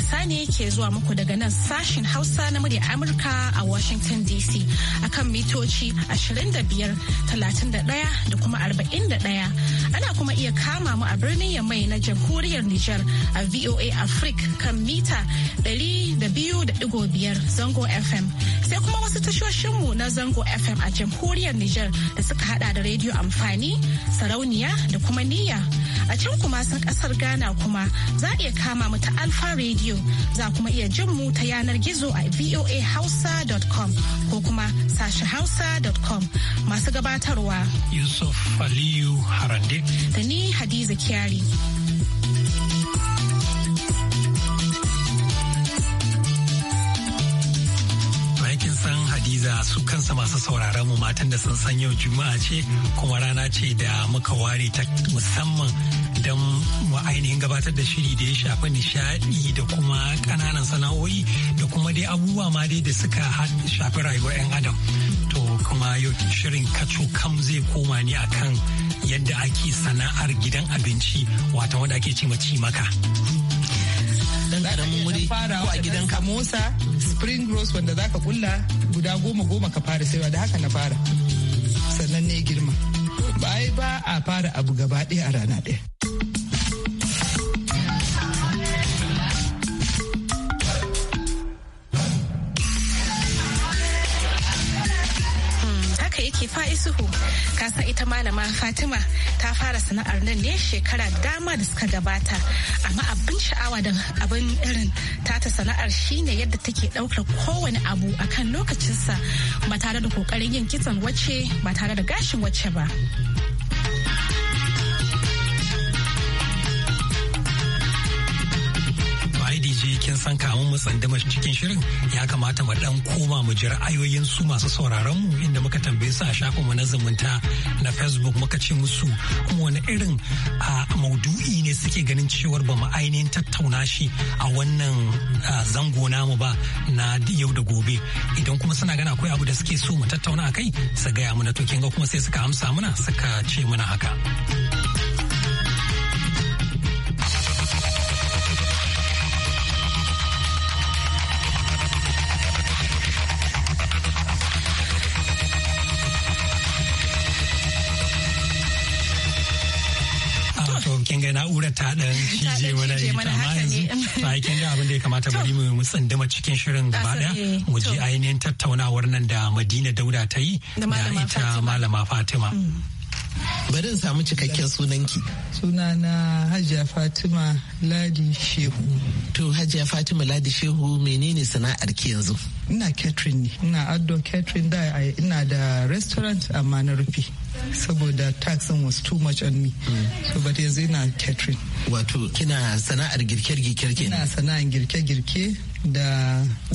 matasa ne ke zuwa muku daga nan sashin Hausa na murya Amurka a Washington DC akan mitoci 25, 31 da kuma 41. Ana kuma iya kama mu a birnin Yamai na jamhuriyar Nijar a VOA Africa kan mita 200.5 zango FM. Sai kuma wasu tashoshinmu na zango FM a jamhuriyar Nijar da suka hada da rediyo amfani, sarauniya da kuma niyya. A can kuma sun kasar Ghana kuma za a iya kama mu ta alfa Radio za kuma iya jin mu ta yanar gizo a voahausa.com ko kuma sashi hausa.com masu gabatarwa. Yusuf Aliyu Harande. Da ni Hadiza Kyari. Hadiza su kansa masu sauraron mu matan da sun san yau Juma'a ce kuma rana ce da muka ware ta musamman don mu ainihin gabatar da shiri da ya shafi nishadi da kuma kananan sana'o'i da kuma dai abubuwa ma dai da suka shafi rayuwar 'yan adam. To kuma yau shirin kacu kam zai koma ne akan yadda ake sana'ar gidan abinci wata wanda ake ce maka. dan karamin wuri ko a gidan ka motsa spring rose wanda zaka kulla guda goma goma ka fara saiwa da haka na fara sannan ne girma ba ba a fara abu gaba ɗaya a rana ɗaya ke fa'isuhu kasan ita malama fatima ta fara sana'ar nan ne shekara dama da suka gabata amma abin sha'awa da abin irin tata sana'ar shine yadda take ɗaukar kowane abu akan lokacinsa ba tare da kokarin yin kitson wacce ba tare da gashin wacce ba je kin san kamin mu tsandama cikin shirin ya kamata mu dan koma mu ji ra'ayoyin su masu sauraron mu inda muka tambaye su a shafin mu na zumunta na Facebook muka ce musu kuma wani irin maudu'i ne suke ganin cewar ba mu ainihin tattauna shi a wannan zango namu ba na yau da gobe idan kuma suna gana akwai abu da suke so mu tattauna akai su gaya na to kinga kuma sai suka amsa mana suka ce mana haka. ta ɗan cije mana ta ma yanzu ba kin ga abin da ya kamata bari mu tsindima cikin shirin gaba daya eh, mu ji ainihin tattaunawar nan da Madina Dauda ta yi da ita malama Fatima. Mm. Bari in samu cikakken sunanki. Sunana Hajiya Fatima Ladi Shehu. To Hajiya Fatima Ladi Shehu menene sana'ar ki yanzu? ina catering ne ina outdoor catering da ina da restaurant amma na rufe saboda taxin was too much on me so but yanzu ina catering wato kina sana'ar girke-girke ne ina sana'ar girke-girke da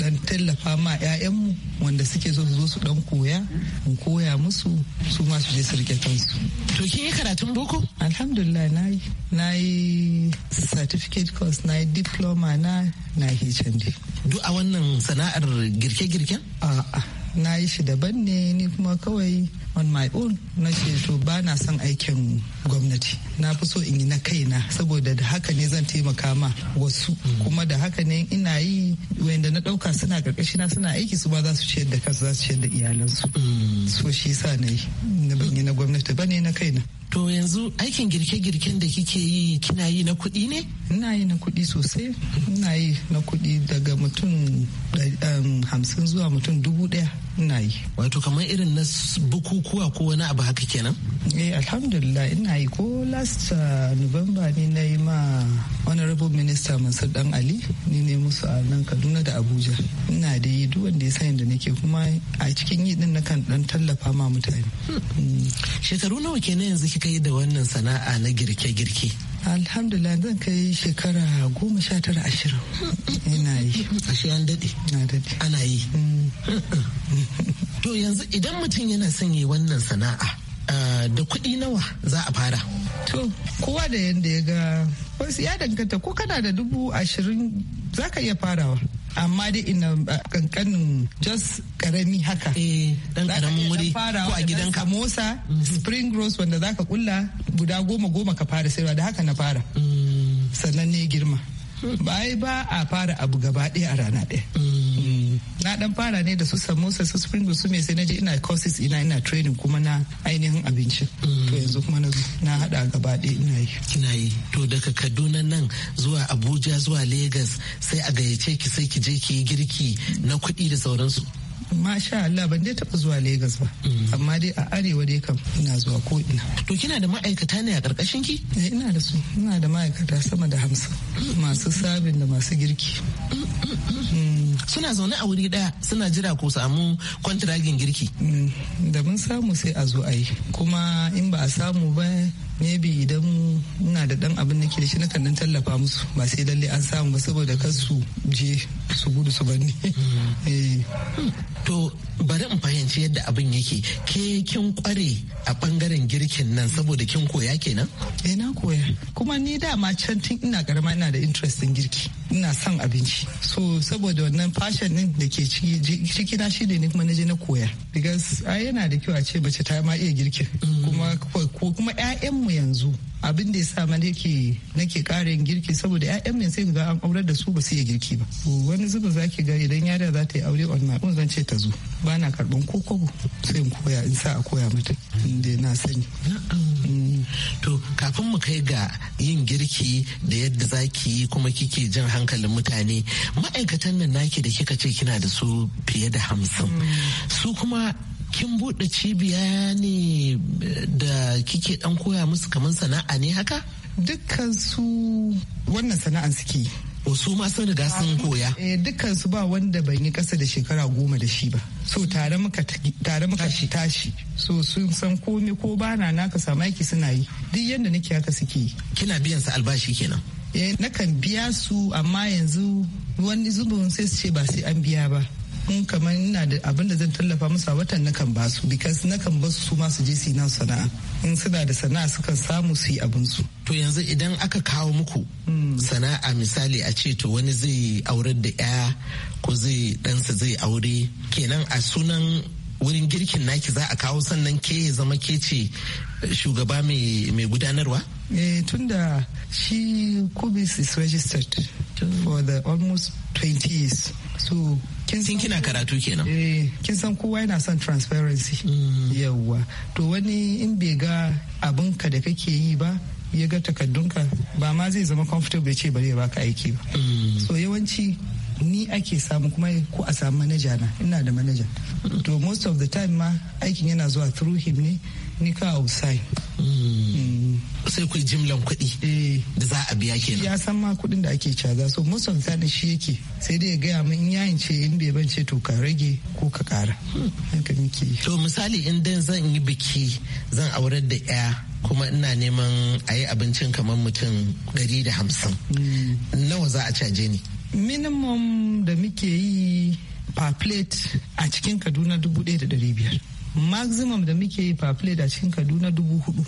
dan tallafa ma 'ya'yanmu wanda suke zo su zo su dan koya in koya musu su ma su je su rike kansu to kin yi karatun boko alhamdulillah na yi na yi certificate course na yi diploma na na hnd duk a wannan sana'ar girke-girken? A'a. na yi shi daban ne ni kuma kawai on my own na ce to ba na son aikin gwamnati na fi so in yi na kaina saboda da haka ne zan taimaka ma wasu kuma da haka ne ina yi wanda na dauka suna karkashi na suna aiki su ba za su ciyar da kansu za su ciyar da iyalansu mm. so shi sa na yi na ban yi na gwamnati ba ne na kaina To yanzu aikin girke-girken da kike yi kina yi na kuɗi ne? Ina yi na kuɗi sosai. Ina yi na kuɗi daga mutum um, hamsin zuwa mutum dubu ɗaya. Ina yi. Wato kamar irin na bukukuwa ko wani abu haka kenan? Eh alhamdulillah ina yi ko last uh, November ne na yi ma Minista mansur dan ali ni ne musu a nan kaduna da abuja ina da yi duwan da ya san da nake kuma a cikin yi din nakan dan tallafa ma mutane hmm. shekaru nawa kenan yanzu kika yi da wannan sana'a na girke-girke alhamdulillah zan kai shekara goma sha tara ashirin ina yi ashe an daɗe na daɗe ana yi hmm. to yanzu idan mutum yana son yi wannan sana'a Eh, da kuɗi nawa za a fara to kowa da yadda ya ga wasu ya danganta ko kana da dubu ashirin za ka iya farawa amma dai ina eh, kankanin just karami haka dan eh, karamin wuri ko a gidan kamosa spring rose wanda za ka kulla guda goma goma ka fara sayarwa da haka na fara mm. sannan ne girma bai ba a fara abu gaba ɗaya a rana ɗaya mm. na dan fara ne da su samosa su spring su me sai na je ina courses ina ina training kuma na ainihin abinci to mm. yanzu kuma na na hada gaba ɗaya ina yi kina yi to daga Kaduna nan zuwa Abuja zuwa Lagos sai a gayyace ki sai ki je ki yi girki na kuɗi da sauransu masha Allah ban dai taba zuwa Legas ba mm. amma dai a arewa dai kam ina zuwa ko ina to kina da ma'aikata ne a karkashin ki eh, ina da su ina da ma'aikata sama da hamsin mm. masu sabin da masu girki suna zaune a wuri daya suna jira ko samu kwantiragin girki mm, da mun samu sai a zo a yi kuma in ba a samu ba maybe idan ina da dan abin da ke da shi na kan tallafa musu ba sai lalle an samu ba saboda kan su je su gudu su banni mm-hmm. eh. to bari in fahimci yadda abin yake ke kin kware a bangaren girkin nan saboda kin koya kenan eh na koya kuma ni dama can tun ina karama ina da interest in girki ina son abinci so saboda wannan fashion din da ke ciki na shi ne kuma na je na koya because yana da kyau a ce mace ta ma iya girkin mm. kuma ko kuma ƴaƴan mu yanzu abin da ya sa ma nake nake karin girki saboda ƴaƴan ne sai ga an aurar da su ba su iya girki ba wani zubin zaki ga idan yara za ta yi aure on my own zan ce ta zo ba na karban kokobo sai in koya in sa a koya mata inda na sani to kafin mu kai ga yin girki da yadda zaki yi kuma kike jan hankalin mutane ma'aikatan nan naki da kika ce kina da su fiye da hamsin mm. su kuma kin buɗe cibiya ne eh, da kike dan koya musu kamar sana'a ne haka? Dukkan su wannan sana'an suke. su ma sun riga sun ah, koya. Eh, dukkan su ba wanda ban yi kasa da shekara goma da shi ba. So tare muka tashi. So sun san komi ko bana naka samu aiki suna yi. Duk yadda nake haka suke yi. Kina biyan su albashi kenan. Eh, nakan biya su amma yanzu wani zubin sai su ce ba sai an biya ba in kamar ina da abin da zan tallafa musu a watan nakan ba su because nakan ba su su masu je su nan sana'a in suna da sana'a sukan samu su yi abin su to yanzu idan aka kawo muku hmm. sana'a misali a ce to wani zai aurar da ya ko zai ɗansa zai aure kenan a sunan wurin girkin naki za a kawo sannan ke ya zama ke ce shugaba mai gudanarwa? Eh, tunda shi kubis is registered for the almost 20 years so kin san kina karatu kenan eh kin san kowa yana son transparency mm. yawwa to wani in bai ga abin ka da kake yi ba ya ga ka ba ma zai zama comfortable ya ce bari ya baka aiki ba mm. so yawanci ni ake samu kuma ko a samu manaja na ina da manaja to most of the time ma aikin yana zuwa through him ne ni ka outside mm. sai ku jimlan kuɗi eh. da za a biya kenan ya san ma kuɗin da ake caza so most of shi yake sai dai ya gaya min yayin ce in bai ban ce to ka rage ko ka kara haka muke to misali in dan zan yi biki zan aurar da ya kuma ina neman a yi abincin kamar mutum 150 hmm. nawa za a caje ni minimum da muke yi per plate a cikin kaduna 1500 maximum da muke yi per plate a cikin kaduna 4000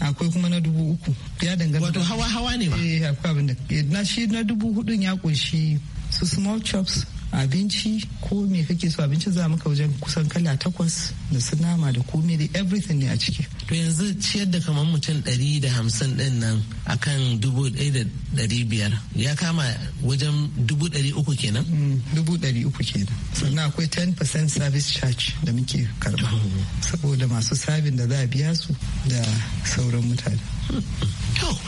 akwai kuma na dubu uku ya dangana wato hawa hawa ne ma eh akwai abin da eh, na shi na dubu hudun ya kunshi su small chops abinci ko me kake so abinci za muka wajen kusan kala takwas da su nama da komai da everything ne a ciki to yanzu ciyar da kamar mutum ɗari da hamsin ɗin nan a kan dubu ɗaya da ɗari biyar ya kama wajen dubu ɗari uku kenan mm, dubu ɗari uku kenan sannan akwai 10% service charge da muke karɓa. Oh. saboda masu sabin da za a biya su da sauran mutane to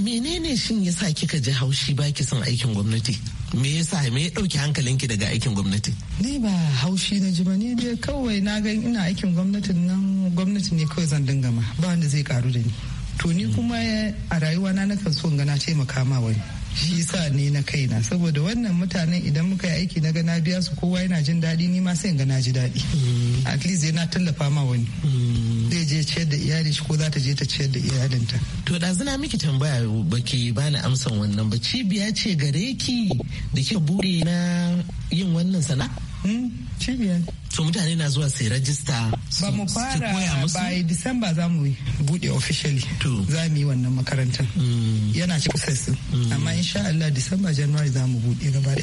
menene shin yasa kika ji haushi baki son aikin gwamnati me yasa me ya dauki hankalinki daga aikin gwamnati ni ba haushi na ji ne ni kawai na ga ina aikin gwamnatin nan gwamnati ne kawai zan dinga ma ba wanda zai karu da ni to ni kuma a rayuwa na nakan so ga na taimaka ma wani shi sa ne na kaina saboda wannan mutanen idan muka yi aiki na gana biya su kowa yana jin daɗi ni ma sai ga na ji daɗi mm. at least na tallafa ma wani mm. zai je ciyar da iyali shi ko za ta je ta ciyar da iyalinta. To da zina miki tambaya ba ke bani amsan wannan ba cibiya ce gare ki da ke buri na yin wannan sana hmm, cibiya. To mutane na zuwa sai rajista ba mu fara yi eh, December za mu bude officially za mu yi wannan makarantar. Hmm. Yana ci kusa hmm. amma insha Allah December January za mu bude gaba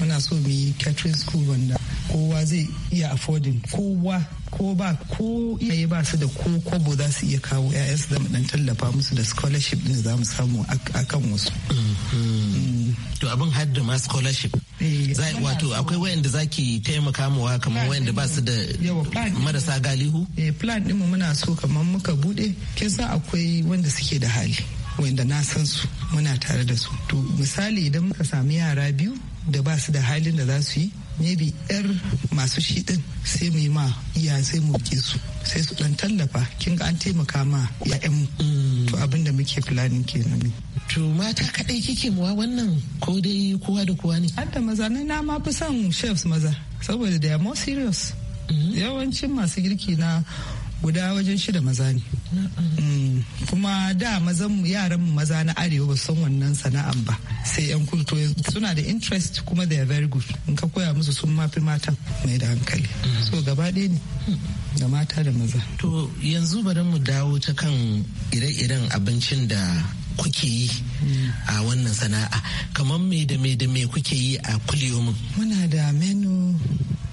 muna so mu yi catering school wanda kowa zai iya affording kowa ko ba ko iyaye ba su da ko kobo za su iya kawo 'ya'yansu su dan tallafa musu da scholarship din za mu samu akan wasu mm-hmm. to abin har ma scholarship eh, wato akwai wayanda za ki taimaka wa kamar wayanda ba su da marasa galihu eh, plan mu muna so kamar muka bude ke san akwai wanda suke da hali wanda na san su muna tare da su to misali idan muka sami yara biyu da ba su da halin da za su yi maybe yar masu shi din sai mu yi ma iya sai mu ke su sai su dan tallafa kin ga an taimaka ma ya'yan mm. to abin da muke planning kenan to mata kadai kike muwa wannan ko dai kowa da kowa ne hadda maza ne na ma fi son chefs maza saboda they are more serious mm-hmm. yawancin masu girki na guda wajen shida maza ne mm. kuma da mazan yaran maza na arewa ba san wannan sana'an ba sai yan kulto suna da interest kuma they are very good in ka koya musu sun mafi matan mai da hankali so gaba ɗaya ne da mata da maza to yanzu bari mu dawo ta kan ire-iren abincin da kuke yi a wannan sana'a kamar me da me da me kuke yi a kuliyomin muna da menu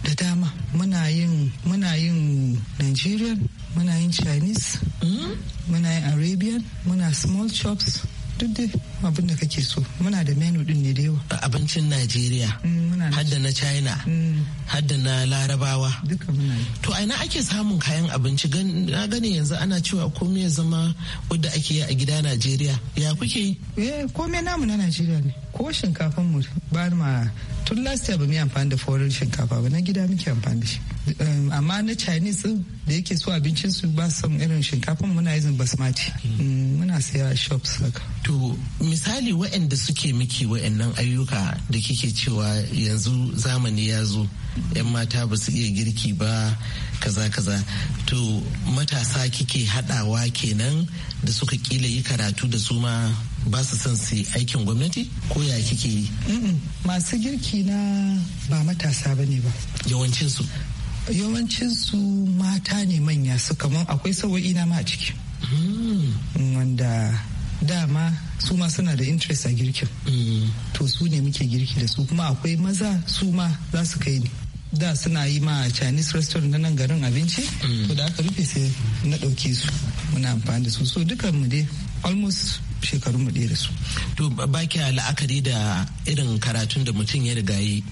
da dama muna yin muna yin nigerian muna yin chinese mm? muna yin arabian muna small chops duk dai abin da kake so muna da menu din ne da yawa abincin najeriya mm, hadda na china mm. hadda na larabawa Duka muna to aina ake samun kayan abinci na gani yanzu ana cewa komai ya zama wadda ake yi a gida najeriya ya kuke eh komai namu na najeriya ne ko shinkafan mu ba ma tun last year ba mu amfani da forin shinkafa ba na gida muke amfani da shi um, amma na chinese da yake so abincin su ba son irin shinkafan muna yin basmati hmm. mm, muna saya shops haka to misali waɗanda suke miki waɗannan ayyuka da kike cewa yanzu zamani ya zo yan mata ba su iya girki ba kaza kaza to matasa kike haɗawa kenan da suka kila yi karatu da su ma ba su son su aikin gwamnati ko ya kike yi masu girki na ba matasa ba ne ba yawancinsu yawancinsu mata ne manya su kamar akwai sawo'i na ma a ciki mm. wanda dama su ma suna da interest a girkin mm. to su ne muke girki da su kuma akwai maza su ma za su kai ni da suna yi ma chinese restaurant na nan garin abinci mm. to da aka rufe sai na ɗauke su muna amfani da su so dukan mu dai almost shekarun mu da su. To ba ki la'akari da irin karatun da mutum ya riga yi.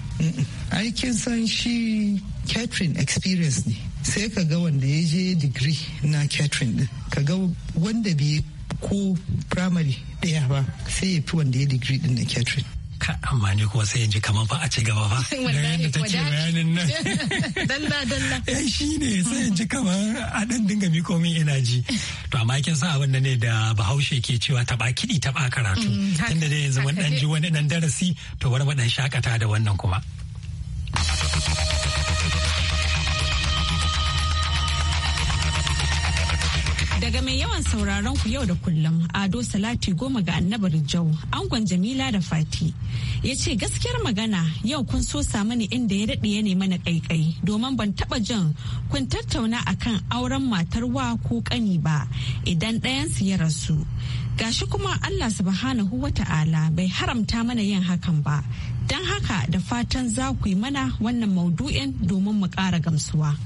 Aikin san shi catering experience ne. Sai ka ga wanda ya je digiri na catering din. Ka ga wanda bai ko primary ɗaya ba sai ya fi wanda ya digiri din na catering. amma ni kuma sai in kamar ba a ci gaba ba da ta ce bayanin nan dalla dalla eh shine sai in kamar a dan dinga miko min ina ji to amma kin san abin ne da bahaushe ke cewa taba kiɗi taba karatu mm, tunda da yanzu mun dan ji wani dan darasi to bari mu dan shakata da wannan kuma Daga mai yawan sauraron ku yau da kullum Ado Salati goma ga annabar Jau, angon Jamila da Fati. Ya ce gaskiyar magana yau kun so samu ni inda ya daɗe ya nema na ƙaiƙai domin ban taɓa jin kun tattauna a kan auren matar wa ko ƙani ba idan ɗayansu ya rasu. Gashi kuma Allah subhanahu wa ta'ala bai haramta mana yin hakan ba. Don haka da fatan za ku yi mana wannan maudu'in domin mu ƙara gamsuwa.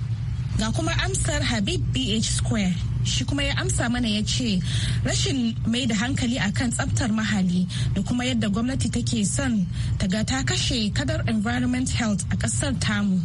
Ga kuma amsar Habib BH Square shi kuma ya amsa mana ya ce rashin mai da hankali akan tsabtar mahali da kuma yadda gwamnati take son ta ga ta kashe kadar environment health a kasar tamu.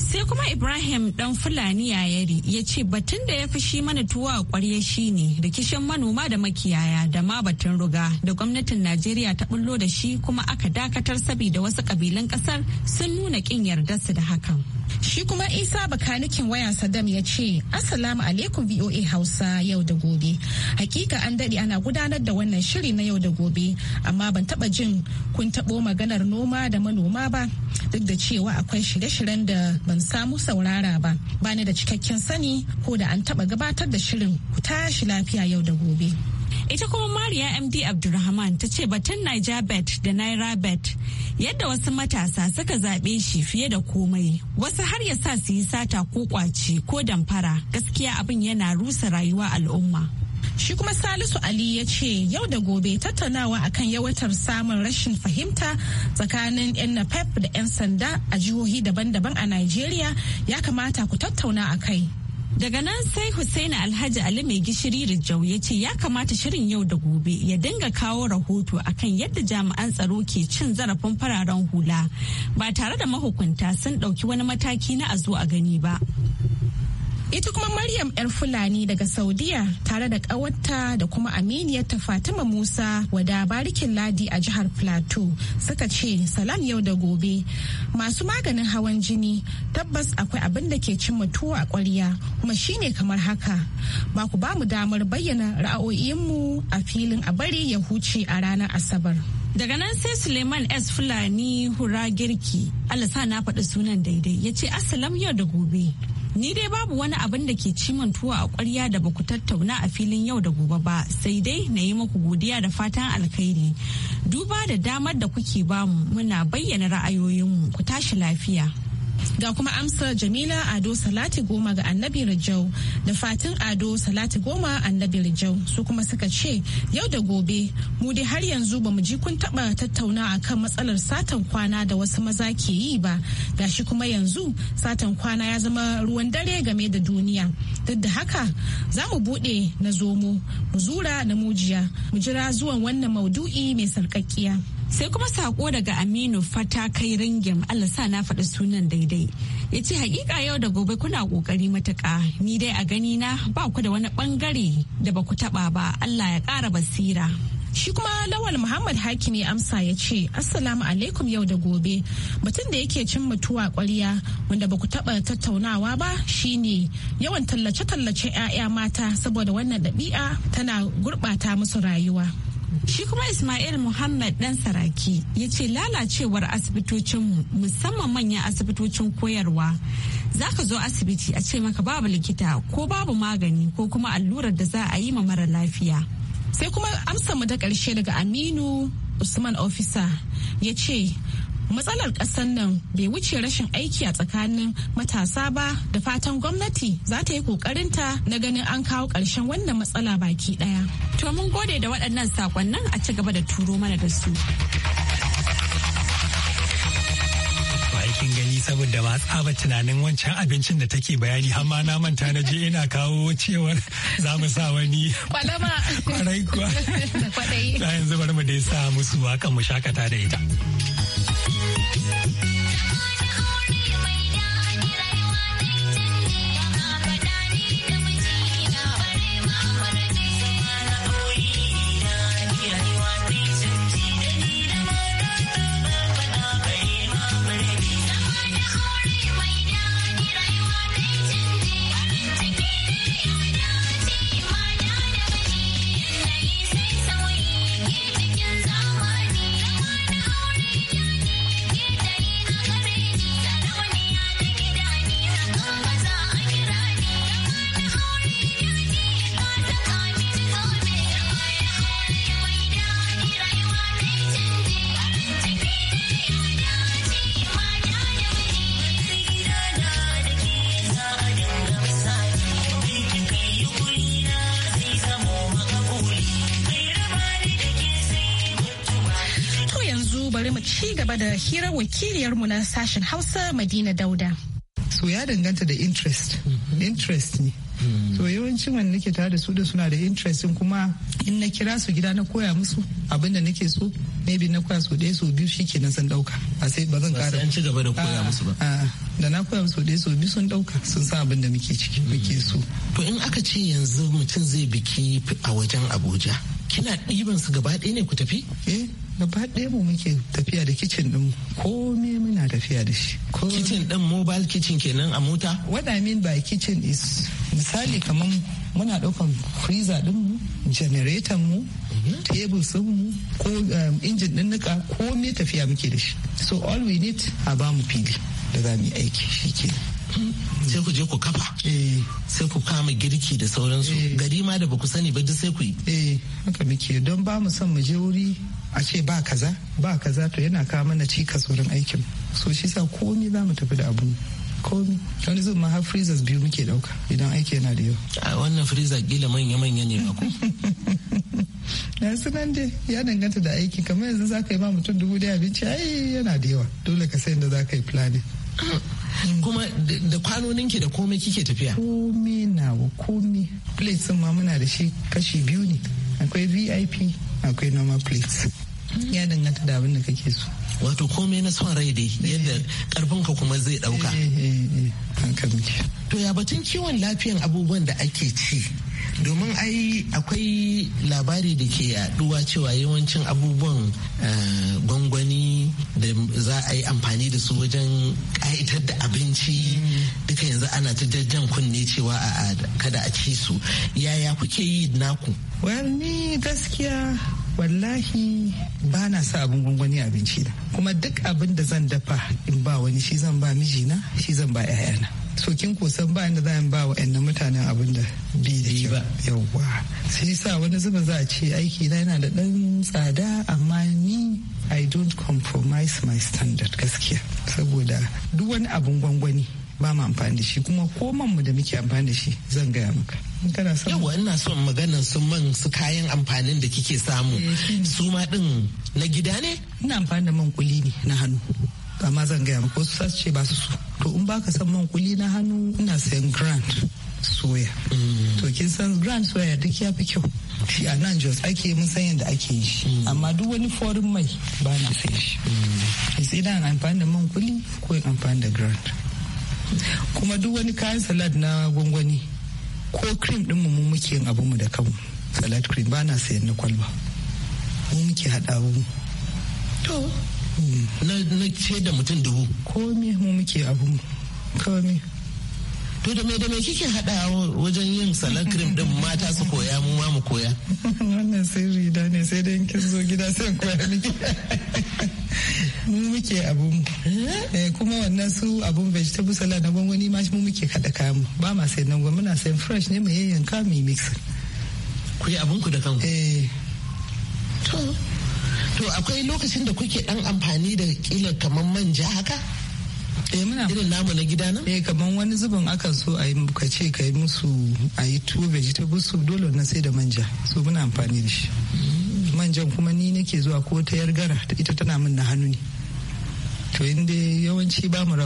Sai kuma Ibrahim dan Fulani yayari ya ce batun da ya fi shi mana tuwa a kwarya shine rikishin manoma da makiyaya da ma batun ruga da gwamnatin Najeriya ta bullo da shi kuma aka dakatar saboda wasu kabilan kasar sun nuna kin yarda su da hakan. Shi kuma Isa bakanikin wayan Saddam ya ce, asalamu alaikum VOA Hausa yau da gobe. Hakika an daɗe ana gudanar da wannan shiri na yau da gobe, amma ban taɓa jin kun taɓo maganar noma da manoma ba, duk da cewa akwai shirye-shiryen da ban samu saurara ba. Bani da cikakken sani ko da an taɓa gabatar da shirin ku tashi lafiya yau da gobe. Ita kuma Mariya MD Abdurrahman ta ce batun bet da naira bet yadda wasu matasa suka zaɓe shi fiye da komai. Wasu har ya sa su yi sata ko kwaci ko damfara gaskiya abin yana rusa rayuwa al'umma. Shi kuma Salisu Ali ya ce yau da gobe tattaunawa akan yawatar samun rashin fahimta tsakanin 'yan NAPEP da 'yan sanda a jihohi daban-daban a Najeriya ya kamata ku tattauna a kai. Daga nan sai Hussaini Alhaji Ali mai gishiri Rijau ya ce ya kamata shirin yau da gobe ya dinga kawo rahoto akan yadda jami'an tsaro ke cin zarafin fararen hula ba tare da mahukunta sun ɗauki wani mataki na a zo a gani ba. Ita kuma Maryam 'yar Fulani daga Saudiya tare da ƙawarta da kuma aminiyarta Fatima Musa wada barikin ladi a jihar Plateau suka ce salam yau da gobe. Masu maganin hawan jini tabbas akwai abin da ke cin mutuwa a ƙwarya kuma shine kamar haka. Ba ku ba mu damar bayyana ra'o'inmu a filin a bari ya huce a ranar Asabar. Daga nan sai Suleiman S. Fulani Hura Girki, Allah sa na faɗi sunan daidai, ya ce Assalam yau da gobe. Ni dai babu wani abin da ke ciman tuwo a ƙwarya da baku tattauna a filin yau da gobe ba sai dai na yi muku godiya da fatan alkhairi. Duba da damar da kuke bamu muna bayyana ra'ayoyinmu ku tashi lafiya. Ga kuma amsa Jamila Ado Salati Goma ga Annabi Rijau da Fatin Ado Salati Goma Annabi Rijau su kuma suka ce yau da gobe mu dai har yanzu ba mu ji kun taba tattauna akan matsalar satan kwana da wasu maza ke yi ba Ga shi kuma yanzu satan kwana ya zama ruwan dare game da duniya duk da haka za mu buɗe na zomo mu zura na mujiya mu jira zuwan wannan maudu'i mai sarkakkiya. sai kuma sako daga aminu fata kai ringin allah sa na faɗi sunan daidai ya ce hakika yau da gobe kuna kokari matuƙa ni dai a gani na ba ku da wani ɓangare da ba ku taɓa ba allah ya ƙara basira Shi kuma Lawal Muhammad Hakimi Amsa ya ce, Assalamu alaikum yau da gobe. mutum da yake cin mutuwa kwarya wanda ba ku taɓa tattaunawa ba shi ne yawan tallace-tallace 'ya'ya mata saboda wannan ɗabi'a tana gurɓata musu rayuwa. Shi kuma Ismail Muhammad ɗan Saraki ya ce lalacewar asibitocinmu musamman manyan asibitocin koyarwa. Za ka zo asibiti a ce maka babu likita ko babu magani ko kuma allurar da za a yi ma mara lafiya. Sai kuma amsa mu ta ƙarshe daga Aminu Usman Ofisa ya ce matsalar ƙasar nan bai wuce rashin aiki a tsakanin matasa ba da fatan gwamnati za ta yi ƙoƙarinta na ganin an kawo karshen wannan matsala baki ɗaya. To mun gode da waɗannan saƙonnin a ci gaba da turo mana da su. gani saboda ba tsaba tunanin wancan abincin da take bayani amma na manta na je ina kawo cewar za mu sa wani kwalama kwarai kuwa yanzu bari mu dai sa musu wakan mu shakata da ita. gaba da hirar wakiliyarmu na sashen Hausa Madina Dauda. So ya danganta da interest. Mhm. Interest ne. to mhm. yawancin wanda nake tare da su da suna da interest kuma in na kira su gida na koya musu abinda nake so maybe na koya su ɗaya su biyu nan sun ɗauka a sai ba zan kara ci gaba da koya musu ba da na koya musu ɗaya su biyu sun ɗauka sun san abinda muke ciki mhm. muke so to in aka ce yanzu mutum zai biki a wajen Abuja kina ɗiban su gaba ɗaya ne ku tafi eh gaba ɗaya mu muke tafiya da kicin ɗin komai muna tafiya da shi kicin ɗin mobile kitchen kenan a mota what i mean by kitchen is misali kamar muna ɗaukan freezer ɗin mu generator mu mhm. table sun mu ko um, injin ɗin ko komai tafiya muke da shi so all we need a ba mu fili da za mu yi aiki shi ke. Hmm. sai ku je ku kafa eh. sai ku kama girki da sauransu eh. gari ma da baku sani ba duk sai ku yi eh haka muke don ba mu son mu je wuri a ce ba kaza ba kaza to yana kawo mana cikas wurin aikin so shi sa komi za mu tafi da abu komi wani zuwa har freezers biyu muke dauka idan aiki yana da yau a wannan freezer gila manya-manya ne ko na sunan dai ya danganta da aiki kamar yanzu za ka yi ma mutum dubu da abinci ai yana da yawa dole ka sayin da za ka yi planning kuma da kwanonin ki da komai kike tafiya komai komi. komai sun ma muna da shi kashi biyu ne akwai vip akwai noma plates ya danganta da abin da kake so wato komai na son rai dai yadda ka kuma zai dauka eh, eh, eh, to ya batun kiwon lafiyan abubuwan da ake ci domin ai akwai labari da ke yaduwa cewa yawancin abubuwan gwangwani da za a yi amfani da su wajen ka'itar da abinci mm. duka yanzu ana ta jajjan kunne cewa a kada a ci su yaya kuke yi naku? Wani gaskiya wallahi ba na sa abin gwangwani abinci na kuma duk abin da zan dafa in ba wani shi zan ba mijina shi zan ba 'ya'yana so kin kusan ba inda za ba wa ɗan mutanen abin da bi da ba yawwa sai sa wani zuba za a ce aiki na yana da ɗan tsada amma ni i don't compromise my standard gaskiya saboda duk wani abin gwangwani ba mu amfani da shi kuma ko man mu da muke amfani da shi zan gaya maka kana son yawa ina son maganar sun man su kayan amfanin da kike samu eh, su ma din na gida ne ina amfani da man kuli ne na hannu amma zan gaya maka su ce ba su so to in baka san man kuli na hannu ina sayan grand soya mm. to kin san grand soya duk ya fi kyau shi a nan jos ake mun san yadda ake yi shi mm. amma duk wani forin mai ba na mm. sai shi sai da amfani da man kuli ko amfani da grand kuma duk wani kayan salad na gwangwani ko cream din mu muke yin abu mu da kanmu salad cream ba na sayan na kwalba mu muke hada abu to hmm. na ce da mutum dubu komi mu muke abu kawai to da me da me kike hada wajen yin salon cream din mata su koya mu ma mu koya wannan sirri da ne sai dai kin zo gida sai koya miki mu muke abun eh? Eh, kuma wannan su abun vegetable salad na gwangwani ma mu muke kada kayan mu ba ma sai nan muna sai fresh ne mu yayyanka mu mix ku yi abun ku da kanku eh to to akwai lokacin da kuke dan amfani da kila kamar manja haka eh muna irin namu na gida na eh kaman wani zubin aka so a yi ka ce ka yi musu a yi tuwo vegetable soup dole na sai da manja so muna amfani da shi manjan kuma ni nake zuwa ko ta yargara ita tana min na hannu ne to inda yawanci ba mu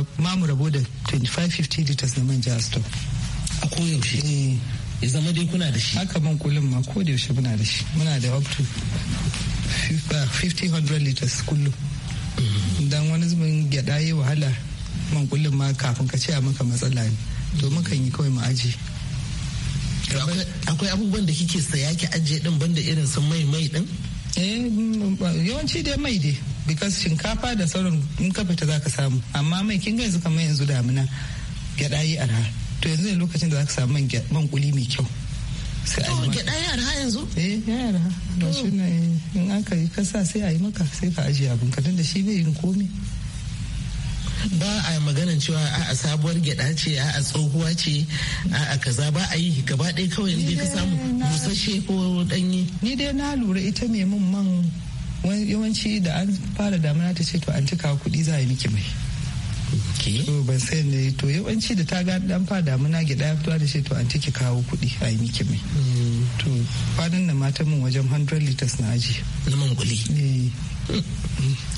rabo da 25-50 liters na manja a stock a koyaushe ne eh. ya zama dai kuna da shi haka man kullum ma ko da yaushe muna da shi muna da up to 1500 liters kullum mm. dan wani zubin gyada yi wahala man kullum ma kafin ka ce a maka matsala ne to muka yi kawai mu aji akwai abubuwan da kike saya ki ajiye din banda irin sun mai mai din eh, yawanci dai mai dai because shinkafa da sauran in ka fita zaka samu amma mai kin ga yanzu kamar yanzu damina gyada yi arha to yanzu ne lokacin da zaka samu man kuli mai kyau sai a yi oh, gyada yi arha yanzu eh ya arha da shi oh. ne eh, in aka yi kasa sai a yi maka sai ka ajiye abin ka da shi bai yin komai ba a maganan cewa a sabuwar gyada ce a tsohuwa ce a kaza ba a yi gaba ɗaya kawai inda ka samu busasshe ko ɗanye ni dai na lura ita mai mun man yawanci da an fara damina ta ce to an cika kuɗi za a yi miki mai Okay. To ban sai ne to yawanci da ta ga dan muna damuna gida fitowa da shi to an ki kawo kuɗi a yi miki mai. Hmm. To kwanan na mata mun wajen 100 liters na aji. Na manguli. Eh.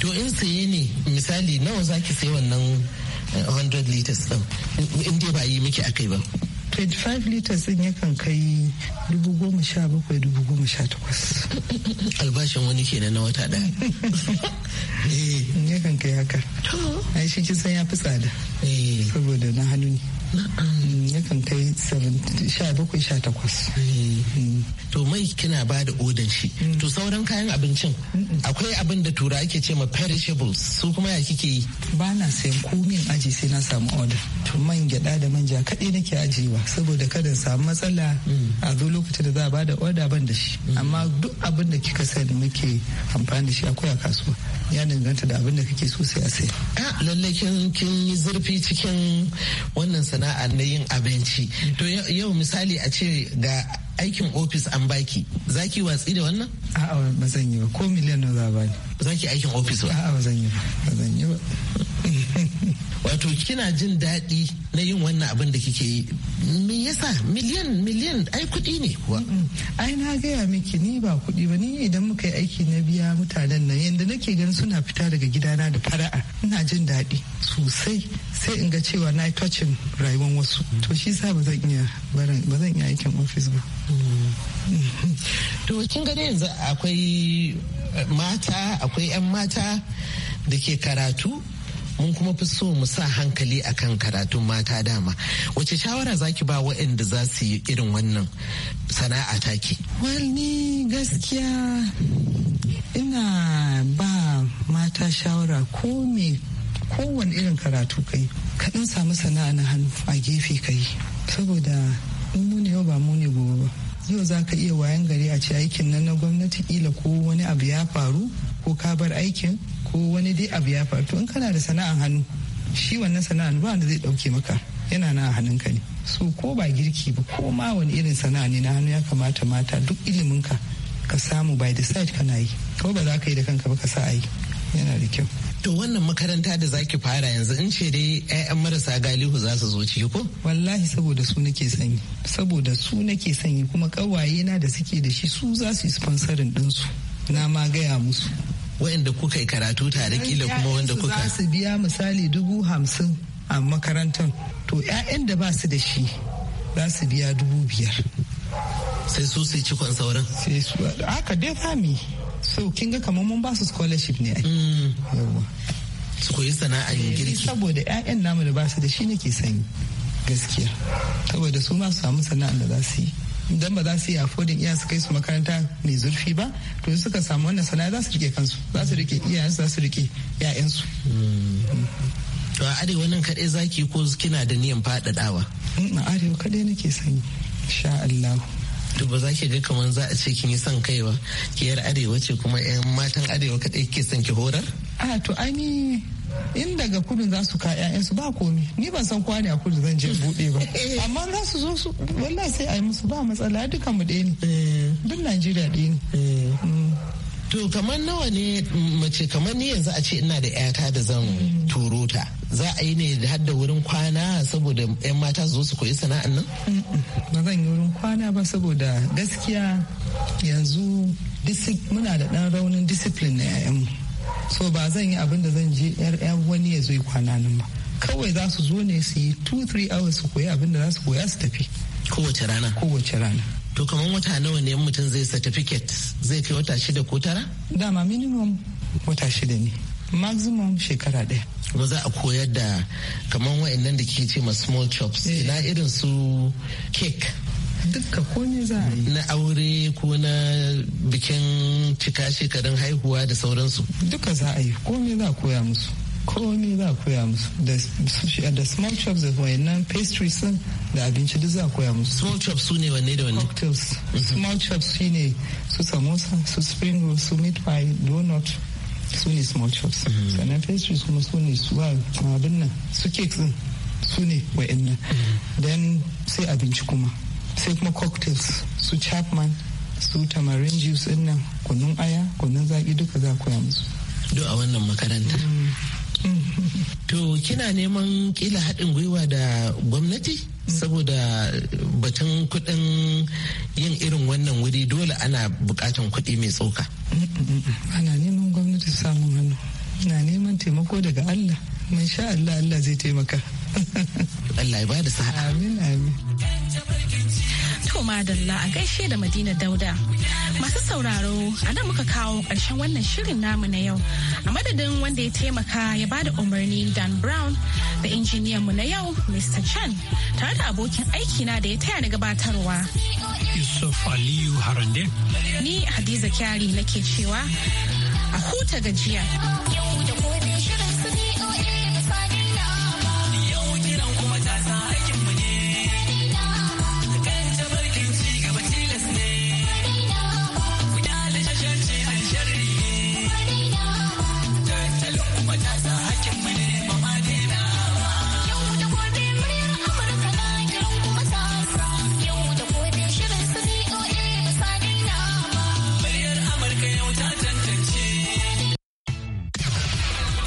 To in saye ne misali nawa zaki sai wannan 100 eh, liters din in dai ba yi miki akai ba. 25 liters din yakan kai dubu goma albashin wani kenan na wata daya eh. yakan kai haka a shi kisan ya fi tsada eh. saboda na hannu ne mm, yakan kai 17 18 to mai kina ba da odan shi mm. to sauran kayan abincin akwai abin da tura ake ce ma perishables su kuma ya kike yi ba na sayan komin aji sai na samu order to man gyada da manja kaɗai nake ajiyewa saboda kada samu matsala mm. a zo lokacin da za a da order ban da shi mm. amma duk abin da kika sani muke amfani da shi akwai a kasuwa ya danganta da abin da kake so sai a sai lallai kin kin yi zurfi cikin wannan sana'a na yin abinci to yau misali a ce ga aikin ofis an baki zaki watsi da wannan a'a ba zan yi ba ko miliyan na za bani za ki aikin ofis ba a'a ba zan yi ba zan yi ba wato kina jin daɗi na yin wannan abin da kike yi me yasa miliyan miliyan ai kuɗi ne kuwa ai na gaya miki ni ba kuɗi ba ni idan muka yi aiki na biya mutanen nan yanda nake ganin suna fita daga gidana da fara'a ina jin daɗi sosai sai in ga cewa na tocin rayuwar wasu mm. to shi sa ba zan iya ba zan iya aikin ofis ba mm. to kin ga yanzu akwai mata akwai 'yan mata da ke karatu mun kuma fi so mu sa hankali akan karatun mata dama wace shawara zaki ba waɗanda za su yi irin wannan sana'a ke. wani gaskiya ina ba mata shawara ko me kowane irin karatu kai kaɗan samu sana'a na hannu a gefe kai saboda mu ne yau ba mu gobe ba yau za ka iya wayan gari a ce aikin nan na gwamnati kila ko wani abu ya faru ko ka bar aikin ko wani dai abu ya faru to in kana da sana'an hannu shi wannan sana'an ba wanda zai dauke maka yana na hannunka ne so ko ba girki ba ko ma wani irin sana'a ne na hannu ya kamata mata duk ilimin ka ka samu by the side kana yi ko ba za ka yi da kanka ba ka sa yana da kyau To wannan makaranta da zaki fara yanzu in ce dai 'ya'yan marasa galihu za su zo ciki ko? Wallahi saboda su nake sanyi. Saboda su nake sanyi kuma kawaye na da suke da shi su za su yi sponsorin su Na ma gaya musu. Wa'inda kuka yi karatu tare kila kuma wanda kuka. Za su biya misali dubu hamsin a makarantar. To 'ya'yan da ba su da shi za su biya dubu biyar. Sai su su yi cikon sauran. Sai su haka dai fami. so kin ga kamar mun ba su scholarship ne mm. yawa su koyi sana'ar eh, girki saboda ƴaƴan namu da ba su da shi nake sanyi gaskiya saboda su ma su samu sana'ar da za su yi idan ba za su yi affording iya su kai su makaranta mai zurfi ba to suka samu wannan sana'a za su rike kansu za su rike iyayensu za su rike 'ya'yansu mm. to a arewa nan kaɗai zaki ko kina da niyan faɗaɗawa mm, a arewa kaɗai nake sanyi sha Allah to ba za ki ga kamar za a ce kin yi son kai ba ki yar arewa ce kuma yan matan arewa kadai ke son ki horar a to ani in daga kudu za su ka su ba komi ni ban san kwani a kudu zan je bude ba amma za su zo su wallahi sai a yi musu ba matsala dukan mu ɗaya ne eh. duk najeriya ɗaya ne eh. to kamar nawa ne mm, mace kamar ni yanzu a ce ina da 'yata da zan turo ta za a yi ne har da wurin kwana saboda 'yan mata su zo su koyi sana'an nan? ba zan yi wurin kwana ba saboda gaskiya yanzu muna da ɗan raunin discipline na 'ya'yanmu so ba zan yi abin da zan je 'yar wani ya zo yi kwana nan ba kawai za su zo ne su yi 2-3 hours su koyi abin da za su koya su tafi kowace rana kowace rana to kamar wata nawa ne mutum zai certificate zai kai wata shida ko tara dama minimum wata shida ne maximum shekara ɗaya kuma za a koyar da kamar wa'annan da ke ce ma small chops eh. ina irin su cake dukka ko ne za a yi na aure ko na bikin cika shekarun haihuwa da sauransu duka za a yi ko ne za a koya musu komi za koya musu da small chops da nan pastries sun da abinci da za koya musu small chops su ne wanne da wanne cocktails mhm. small chops su ne su samosa su spring roll su meat pie donut su ne small chops mhm. sannan pastries kuma su ne su ah, abin nan su cakes din su ne nan. Mhm. then sai abinci kuma sai kuma cocktails su chapman su tamarin juice din nan kunun aya kunun zaki duka za koya musu duk a wannan makaranta mm. To kina neman kila haɗin gwiwa da gwamnati? Saboda batun kuɗin yin irin wannan wuri dole ana buƙatan kuɗi mai tsoka. Ana neman gwamnati samun hannu. Na neman taimako daga Allah. Mun sha Allah Allah zai taimaka. Allah ya ba da sa'a. Amin amin. To madalla a gaishe da Madina Dauda. Masu sauraro a nan muka kawo ƙarshen wannan shirin namu na yau. A madadin wanda ya taimaka ya ba da umarni Dan Brown da injiniyan mu na yau Mr. Chan tare da abokin aikina da ya taya na gabatarwa. Yusuf Aliyu Harande. Ni Hadiza Kyari nake cewa a huta gajiya. Yau